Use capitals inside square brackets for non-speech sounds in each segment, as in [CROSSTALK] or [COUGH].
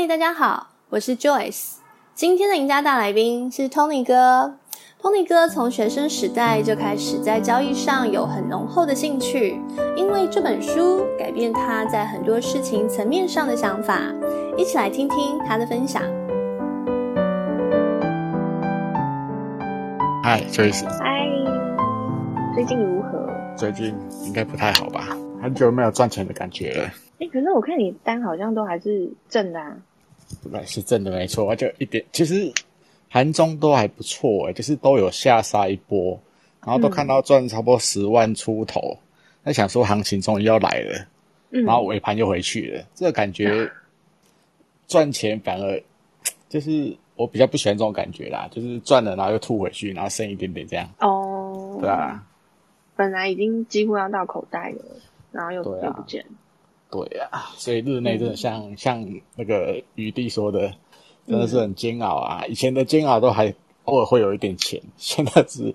嗨，hey, 大家好，我是 Joyce。今天的贏家大來賓是 Tony 哥。Tony 哥從學生時代就開始在交易上有很濃厚的興趣，因為這本書改變他在很多事情層面上的想法。一起來聽聽他的分享。嗨，Joyce。嗨，最近如何？最近應該不太好吧，很久沒有賺錢的感覺了。哎、欸，可是我看你單好像都還是正的、啊？那是真的沒錯，而就一點其實盤中都還不錯哎、欸，就是都有下殺一波，然後都看到賺差不多十萬出頭，那、嗯、想說行情終於要來了，嗯、然後尾盤又回去了，這個感覺賺錢反而就是我比較不喜歡這種感覺啦，就是賺了然後又吐回去，然後剩一點點這樣哦，對啊，本來已經幾乎要到口袋了，然後又、啊、又不見。對呀、啊，所以日內真的像、嗯、像那個余地說的，真的是很煎熬啊！嗯、以前的煎熬都還偶爾會有一點錢，現在只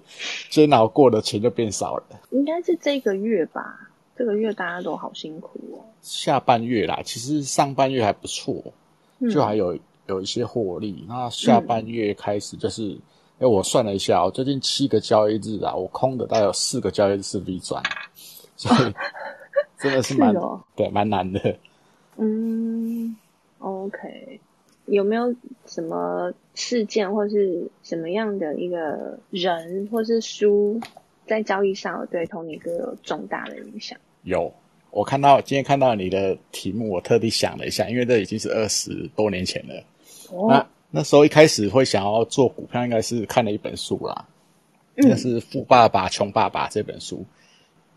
煎熬過的錢就變少了。應該是這個月吧，這個月大家都好辛苦哦。下半月啦，其實上半月還不錯，就還有有一些獲利。嗯、那下半月開始就是，哎、嗯，因為我算了一下、哦，我最近七個交易日啊，我空的，大概有四個交易日是 V 轉，所以。啊真的是蠻、哦、對，蠻難的。嗯，OK，有沒有什麼事件或是什麼樣的一個人或是書，在交易上對 Tony 哥有重大的影響？有，我看到今天看到你的題目，我特地想了一下，因為這已經是二十多年前了。哦、那那時候一開始會想要做股票，應該是看了一本書啦，那、嗯、是《富爸爸窮爸爸》這本書。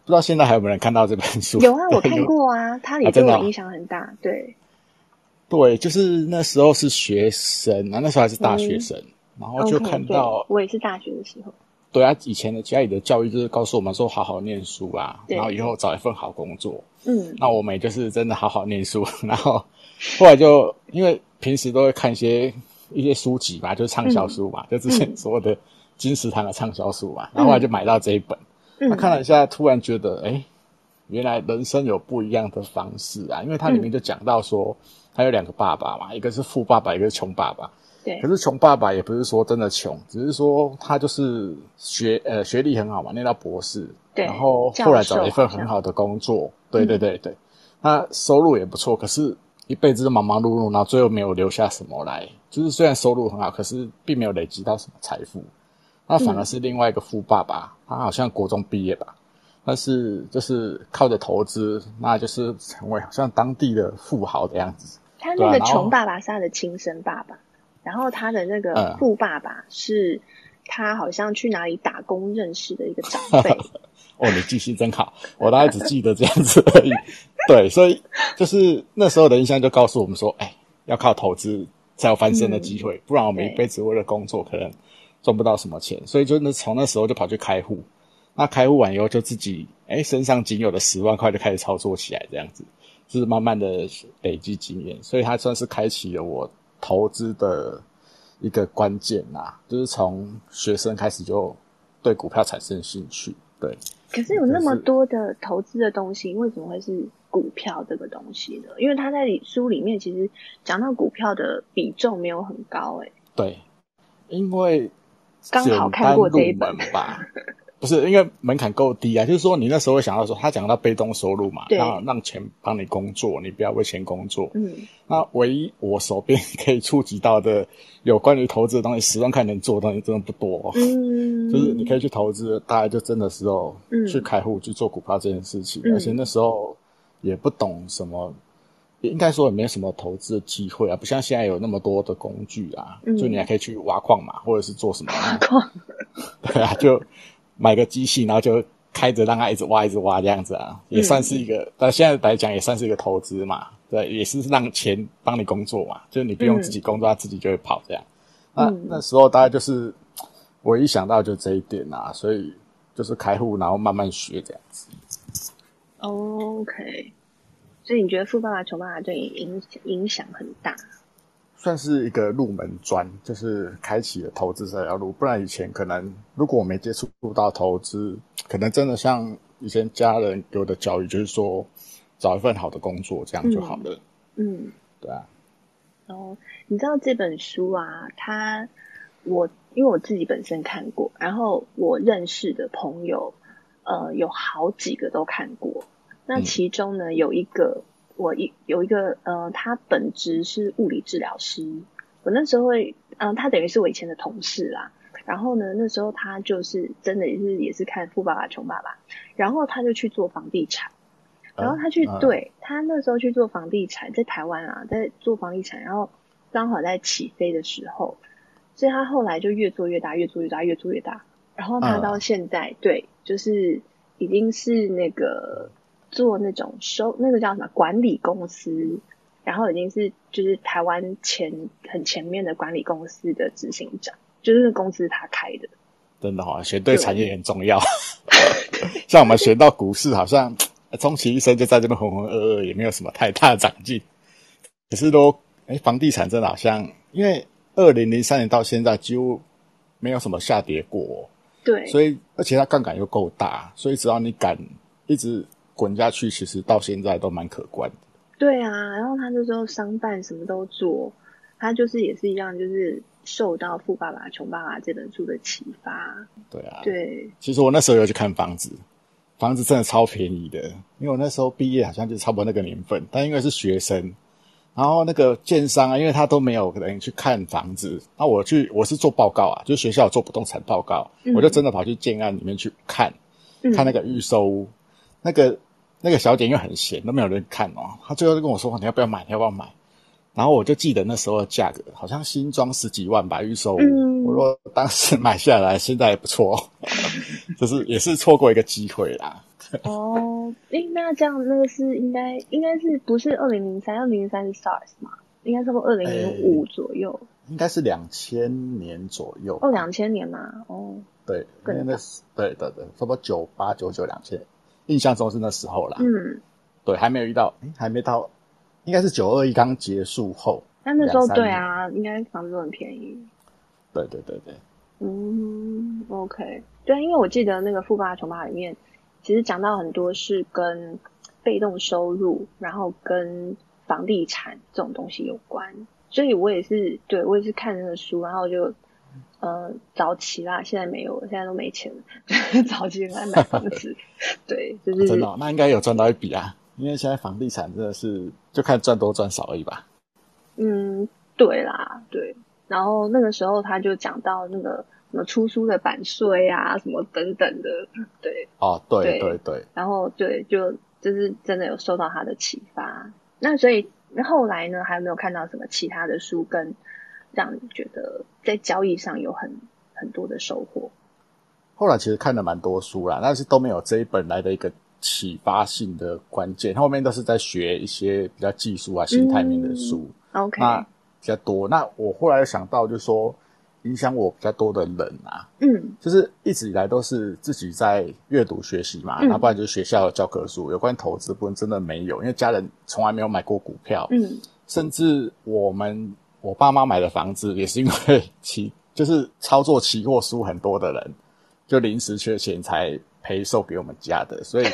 不知道現在還有沒有人看到這本書？有啊，我看過啊， [LAUGHS] 它也對我影響很大。啊、對，對，就是那時候是學生啊，那時候還是大學生，嗯、然後就看到 okay, 我也是大學的時候。對啊，以前的家裡的教育就是告訴我們說，好好念書啊，對然後以後找一份好工作。嗯，那我們也就是真的好好念書，然後後來就因為平時都會看一些一些書籍吧，就是暢銷書吧，嗯、就之前說的金石堂的暢銷書嘛，然後，後來就買到這一本。嗯他看了一下，突然覺得，哎、欸，原來人生有不一樣的方式啊！因為他裡面就講到說，嗯、他有兩個爸爸嘛，一個是富爸爸，一個是窮爸爸。對。可是窮爸爸也不是說真的窮，只是說他就是學呃學歷很好嘛，念到博士，對。然後後來找了一份很好的工作，教授對對對對。嗯、他收入也不錯，可是一輩子都忙忙碌碌，然後最後沒有留下什麼來。就是雖然收入很好，可是並沒有累積到什麼財富。那反而是另外一個富爸爸，嗯、他好像國中畢業吧，但是就是靠着投資，那就是成為好像當地的富豪的樣子。他那個窮爸爸是他的親生爸爸，啊、然後、然後他的那個富爸爸是他好像去哪裡打工認識的一個長輩。 [LAUGHS] 哦，你記性真好，我大概只記得這樣子而已。 [LAUGHS] 對，所以就是那時候的印象就告訴我們說，哎、欸，要靠投資才有翻身的機會，嗯、不然我們一輩子為了工作對可能。賺不到什麼錢，所以就那從那時候就跑去開戶，那開戶完以後就自己哎、欸、身上僅有的十萬塊就開始操作起來，這樣子就是慢慢的累積經驗，所以他算是開啟了我投資的一個關鍵啦、啊，就是從學生開始就對股票產生興趣。對，可是有那麼多的投資的東西，為什麼會是股票這個東西呢？因為他在書裡面其實講到股票的比重沒有很高、欸，哎，對，因為。入門剛好看過這一本吧， [LAUGHS] 不是因為門檻夠低啊，就是說你那時候會想到說，他講到被動收入嘛，然後對讓，讓錢幫你工作，你不要為錢工作。嗯，那唯一我手邊可以觸及到的有關於投資的東西，十萬塊能做的東西真的不多。嗯，就是你可以去投資，大概就真的時候去開戶、嗯、去做股票這件事情，嗯、而且那時候也不懂什麼。也應該說也沒有什麼投資的機會啊，不像現在有那麼多的工具啊，嗯、就你還可以去挖礦嘛，或者是做什麼？挖礦礦， [LAUGHS] 對啊，就買個機器，然後就開着讓它一直挖，一直挖這樣子啊，也算是一個，嗯、但現在來講也算是一個投資嘛，對，也是讓錢幫你工作嘛，就是你不用自己工作，它、嗯、自己就會跑這樣。那、嗯、那時候大概就是我一想到就這一點啊，所以就是開戶，然後慢慢學這樣子。Oh, OK。所以你覺得《富爸爸窮爸爸》對你影影響很大？算是一個入門磚，就是開啟了投資這條路。不然以前可能，如果我沒接觸到投資，可能真的像以前家人給我的教育，就是說找一份好的工作，這樣就好了。嗯，嗯，對啊。然後，哦，你知道這本書啊，它我因為我自己本身看過，然後我認識的朋友，呃，有好幾個都看過。那其中呢，嗯、有一個我一有一個呃，他本職是物理治療師。我那時候會，嗯、呃，他等於是我以前的同事啦。然後呢，那時候他就是真的也是也是看《富爸爸窮爸爸》，然後他就去做房地產。然後他去、啊、對，他那時候去做房地產，在台灣啊，在做房地產，然後剛好在起飛的時候，所以他後來就越做越大，越做越大，越做越大。然後他到現在、啊、對，就是已經是那個。做那種收那個叫什麼管理公司，然後已經是就是台灣前很前面的管理公司的執行長，就是那個公司他開的，真的哈、哦，選對產業很重要。對 [LAUGHS] 像我們選到股市，好像終 [LAUGHS] 其一生就在這邊渾渾噩噩，也沒有什麼太大長進。可是都哎、欸，房地產真的好像，因為二零零三年到現在幾乎沒有什麼下跌過，對，所以而且它槓桿又夠大，所以只要你敢一直。滾下去，其實到現在都蠻可觀的。對啊，然後他那時候商辦什麼都做，他就是也是一樣，就是受到《富爸爸窮爸爸》這本書的啟發。對啊，對。其實我那時候有去看房子，房子真的超便宜的，因為我那時候畢業好像就差不多那個年份，但因為是學生，然後那個建商啊，因為他都沒有可能去看房子，那我去，我是做報告啊，就是、學校有做不動產報告，嗯、我就真的跑去建案裡面去看，看那個預售屋、嗯、那個。那個小姐又很閒，都沒有人看哦。他最後就跟我說：“你要不要買？你要不要買？”然後我就記得那時候的價格好像新裝十幾萬吧，預售五。嗯。我說當時買下來，現在也不錯， [LAUGHS] 就是也是錯過一個機會啦。哦，哎、欸，那這樣那個是應該應該是不是二零零三？二零零三是 SARS 嘛？應該差不多二零零五左右。欸、應該是兩千年左右哦2000年。哦，兩千年嘛，哦。對，大因為那是對對對，差不多九八九九兩千。印象中是那時候啦，嗯，對，還沒有遇到，欸，還沒到，應該是九二一剛結束後，那那時候對啊，應該房子都很便宜，對對對對，嗯，OK，對，因為我記得那個《富爸爸窮爸爸》裡面，其實講到很多是跟被動收入，然後跟房地產這種東西有關，所以我也是對，我也是看那個書，然後就。呃、嗯，早期啦，現在沒有，現在都沒錢了，早期來買房子， [LAUGHS] 對，就是、哦、真的、哦，那應該有賺到一筆啊，因為現在房地產真的是就看賺多賺少而已吧。嗯，對啦，對，然後那個時候他就講到那個什麼出書的版稅啊，什麼等等的，對，哦，對對對，對，然後對，就就是真的有受到他的啟發。那所以後來呢，還有沒有看到什麼其他的書跟？讓你覺得在交易上有很很多的收穫。後來其實看了蠻多書啦，但是都沒有這一本來的一個啟發性的關鍵。後面都是在學一些比較技術啊、嗯、心態面的書。嗯、OK，那比較多。那我後來想到，就是說影響我比較多的人啊，嗯，就是一直以來都是自己在閱讀學習嘛，那、嗯、不然就是學校的教科書，有關投資部分真的沒有，因為家人從來沒有買過股票，嗯，甚至我們。我爸媽買的房子也是因為期，就是操作期貨輸很多的人，就臨時缺錢才賠售給我們家的，所以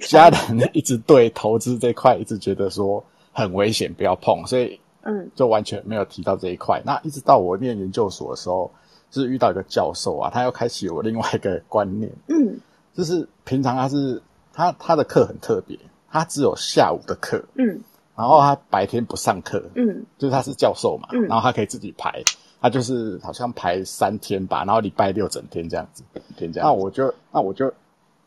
家人一直對投資這塊一直覺得說很危險，不要碰，所以嗯，就完全沒有提到這一塊。嗯、那一直到我念研究所的時候，就是遇到一個教授啊，他又開啟我另外一個觀念，嗯，就是平常他是他他的課很特別，他只有下午的課，嗯。然後他白天不上課，嗯，就是他是教授嘛，嗯，然後他可以自己排，他就是好像排三天吧，然後禮拜六整天這樣子，整天這樣子。那我就，那我就，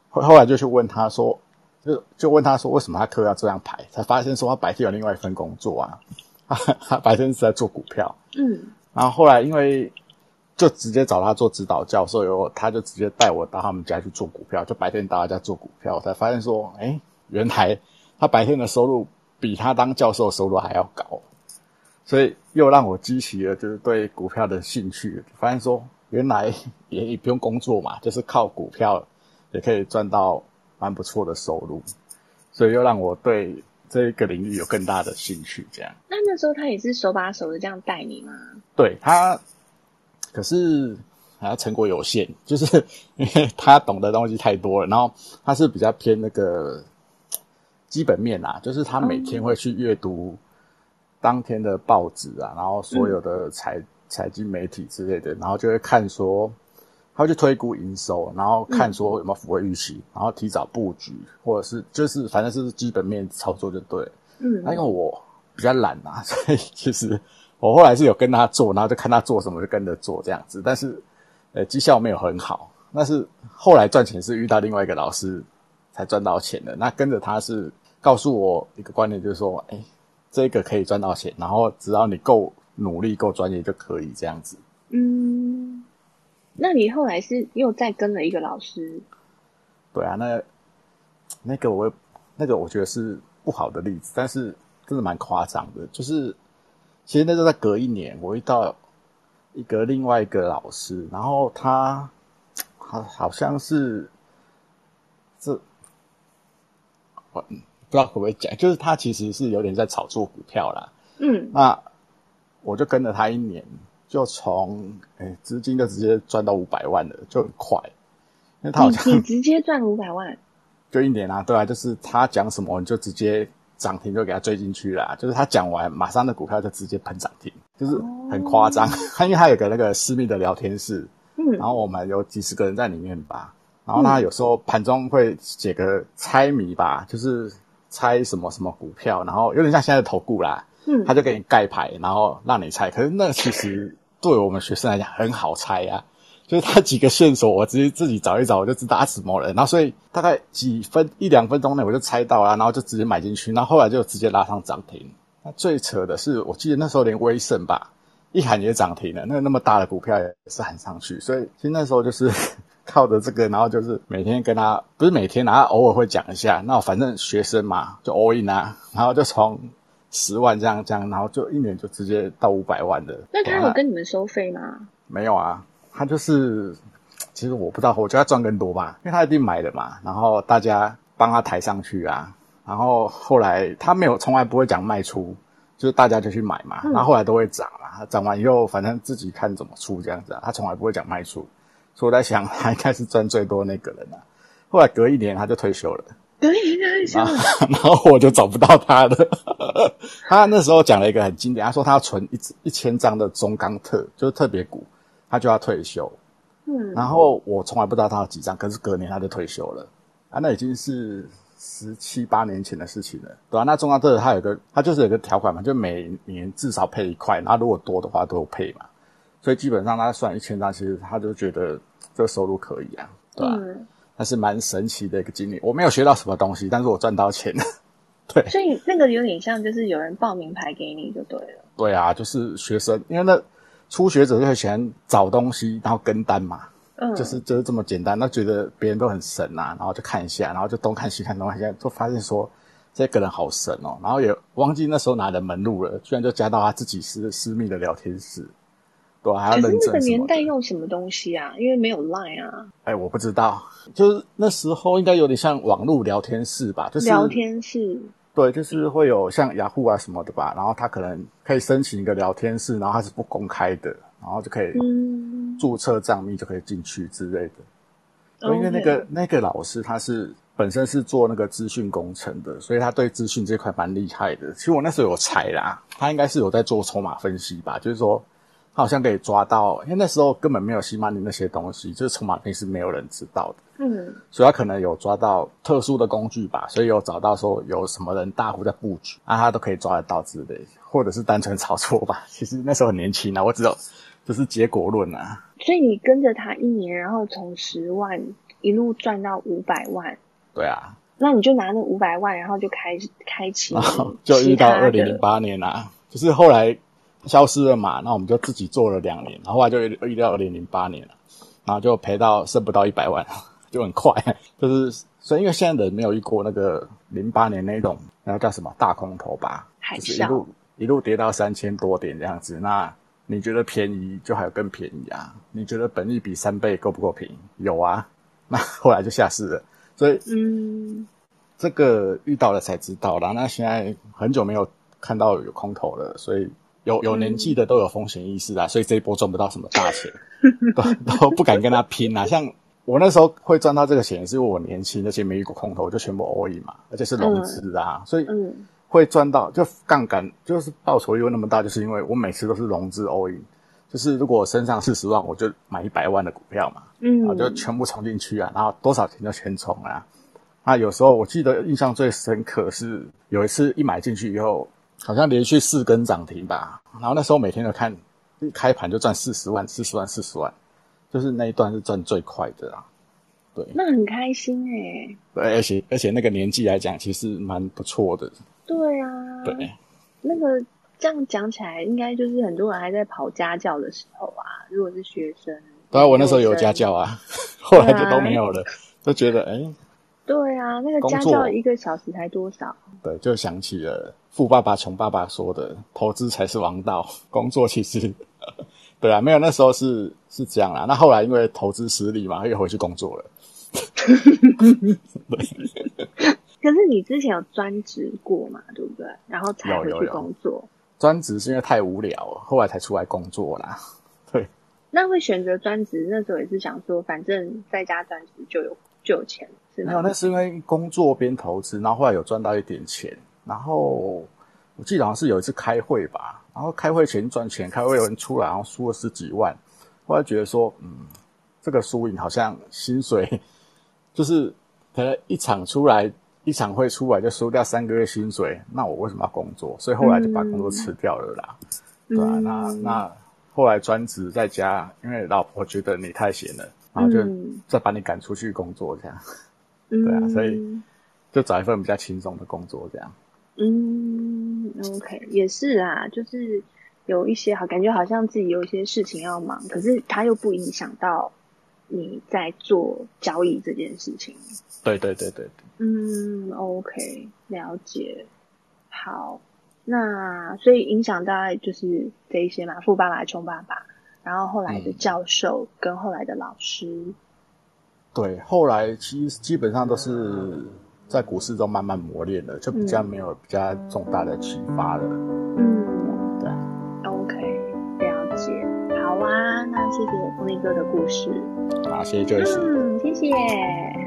後來就去問他說，就就問他說，為什麼他課要這樣排？才發現說他白天有另外一份工作啊，他，他白天是在做股票，嗯，然後後來因為就直接找他做指導教授，以後他就直接帶我到他們家去做股票，就白天到他家做股票，我才發現說，哎，原來他白天的收入，比他當教授收入還要高，所以又讓我激起了就是對股票的興趣。反正說原來也也不用工作嘛，就是靠股票也可以賺到蠻不錯的收入，所以又讓我對這一個領域有更大的興趣。這樣，那那時候他也是手把手的這樣帶你嗎？對他，可是啊，成果有限，就是因為他懂的東西太多了，然後他是比較偏那個。基本面啊，就是他每天會去閱讀當天的報紙啊，然後所有的財財、嗯、經媒體之類的，然後就會看說，他會去推估營收，然後看說有沒有符合預期，嗯、然後提早布局，或者是就是反正就是基本面操作就對。嗯，那因為我比較懶吶、啊，所以其實我後來是有跟他做，然後就看他做什麼就跟着做這樣子，但是呃績效沒有很好。但是後來賺錢是遇到另外一個老師。才賺到錢的，那跟着他是告訴我一個觀念，就是說，哎、欸，這個可以賺到錢，然後只要你夠努力、夠專業就可以這樣子。嗯，那你後來是又再跟了一個老師？對啊，那那個我那個我覺得是不好的例子，但是真的蠻誇張的。就是其實那時候在隔一年，我遇到一個另外一個老師，然後他他好，好像是這。嗯、不知道可不可以講，就是他其實是有點在炒作股票啦。嗯，那我就跟了他一年，就從誒資金就直接賺到五百萬了，就很快。那他好像、欸、你直接賺五百萬？就一年啊，對啊，就是他講什麼，你就直接漲停就給他追進去啦。就是他講完，馬上的股票就直接噴漲停，就是很誇張。他、哦、因為他有個那個私密的聊天室，嗯，然後我們有幾十個人在裡面吧。然後他有時候盤中會寫個猜謎吧，就是猜什麼什麼股票，然後有點像現在投顧啦，嗯，他就給你蓋牌，然後讓你猜。可是那其實對我們學生來講很好猜呀、啊，就是他幾個線索，我直接自己找一找，我就知道他什麼了。然後所以大概幾分一兩分鐘內我就猜到了，然後就直接買進去，然後後來就直接拉上漲停。那最扯的是，我記得那時候連威盛吧，一喊也漲停了，那個那麼大的股票也是喊上去，所以其實那時候就是。靠着這個，然後就是每天跟他，不是每天、啊，然後偶爾會講一下。那反正學生嘛，就 all in 啊，然後就從十萬這樣這樣，然後就一年就直接到五百萬的。那他有跟你們收費嗎？沒有啊，他就是其實我不知道，我覺得他賺更多吧，因為他一定買了嘛，然後大家幫他抬上去啊，然後後來他沒有從來不會講賣出，就是大家就去買嘛，然後後來都會漲了，漲、嗯、完以後反正自己看怎麼出這樣子、啊，他從來不會講賣出。所以我在想，他應該是賺最多的那個人吶、啊。後來隔一年他就退休了。隔一年退休，然後我就找不到他了。 [LAUGHS] 他那時候講了一個很經典，他說他要存一一千張的中鋼特，就是特別股，他就要退休。嗯，然後我從來不知道他有幾張，可是隔年他就退休了。啊，那已經是十七八年前的事情了。對啊，那中鋼特他有個，他就是有個條款嘛，就每年至少配一塊，那如果多的話都有配嘛。所以基本上，他算一千張，其實他就覺得這個收入可以啊，對啊。嗯、但是蠻神奇的一個經歷，我沒有學到什麼東西，但是我賺到錢了， [LAUGHS] 對。所以那個有點像，就是有人報名牌給你就對了。對啊，就是學生，因為那初學者就很喜歡找東西，然後跟單嘛，嗯，就是就是這麼簡單。那覺得別人都很神啊，然後就看一下，然後就東看西看東看一下就發現說這個人好神哦，然後也忘記那時候拿的門路了，居然就加到他自己私私密的聊天室。對，可、欸、是那個年代用什麼東西啊？因為沒有 line 啊。哎、欸，我不知道，就是那時候應該有點像網路聊天室吧？就是聊天室。對，就是會有像雅虎、ah、啊什麼的吧。然後他可能可以申請一個聊天室，然後它是不公開的，然後就可以註冊賬密就可以進去之類的。嗯、因為那個那個老師他是本身是做那個資訊工程的，所以他對資訊這塊蠻厲害的。其實我那時候有猜啦，他應該是有在做籌碼分析吧？就是說。他好像可以抓到，因為那時候根本沒有 CMoney 的那些東西，就是籌碼盤是沒有人知道的。嗯，所以他可能有抓到特殊的工具吧，所以有找到說有什麼人大戶在布局啊，他都可以抓得到之類，或者是單純炒作吧。其實那時候很年輕啊，我只有就是結果論啊。所以你跟着他一年，然後從十萬一路賺到五百萬。對啊，那你就拿那五百萬，然後就開開啟，然後就遇到二零零八年啦、啊。就是後來。消失了嘛，那我們就自己做了兩年，然後，後來就遇到二零零八年了，然後就賠到剩不到一百萬，就很快。就是所以，因為現在人沒有遇過那個零八年那種，然後叫什麼大空頭吧，還 [LAUGHS] 就是一路一路跌到三千多點這樣子。那你覺得便宜就還有更便宜啊？你覺得本益比三倍夠不夠便宜？有啊，那後來就下市了。所以，嗯，這個遇到了才知道了。那現在很久沒有看到有空頭了，所以。有有年紀的都有風險意識啦、啊，嗯、所以這一波賺不到什麼大錢，都都不敢跟他拼啦、啊。像我那時候會賺到這個錢，是因為我年輕那些美股空頭就全部 all in、e、嘛，而且是融資啊，嗯、所以會賺到，就槓桿就是報酬又那麼大，就是因為我每次都是融資 all in，就是如果我身上四十萬，我就買一百萬的股票嘛，嗯，然後就全部衝進去啊，然後多少錢就全衝啊。那有時候我記得印象最深刻是有一次一買進去以後。好像連續四根漲停吧，然後那時候每天都看，一開盤就賺四十萬，四十萬，四十萬，就是那一段是賺最快的啦、啊。對，那很開心哎、欸。對，而且而且那個年紀來講，其實蠻不錯的。對啊。對。那個這樣講起來，應該就是很多人還在跑家教的時候啊，如果是學生。對啊、啊、我那時候有家教啊，啊後來就都沒有了。就覺得哎。欸、對啊，那個家教一個小時才多少？對，就想起了。富爸爸窮爸爸說的投資才是王道，工作其實對啊，沒有那時候是是這樣啦。那後來因為投資失利嘛，又回去工作了。 [LAUGHS] 對可是你之前有專職過嘛，對不對？然後才回去工作。專職是因為太無聊了，後來才出來工作啦。對。那會選擇專職，那時候也是想說，反正在家專職就有就有錢。是沒有，那是因為工作邊投資，然後後來有賺到一點錢。然後我記得好像是有一次開會吧，然後開會前賺錢，開會有人出來，然後輸了十幾萬。後來覺得說，嗯，這個輸贏好像薪水，就是他一場出來，一場會出來就輸掉三個月薪水。那我為什麼要工作？所以後來就把工作辭掉了啦。嗯、對啊，那那後來專職在家，因為老婆覺得你太閒了，然後就再把你趕出去工作這樣。對啊，所以就找一份比較輕鬆的工作這樣。嗯，OK，也是啊，就是有一些好感覺，好像自己有一些事情要忙，可是他又不影響到你在做交易這件事情。對，對對對對。嗯，OK，了解。好，那所以影響大概就是這一些嘛，富爸爸、窮爸爸，然後後來的教授跟後來的老師。嗯、對，後來其實基本上都是、嗯。在股市中慢慢磨練了，就比較沒有比較重大的啟發了。嗯，對，OK，了解，好啊，那謝謝 Tony 哥的故事。好、啊，謝謝周老師，嗯，謝謝。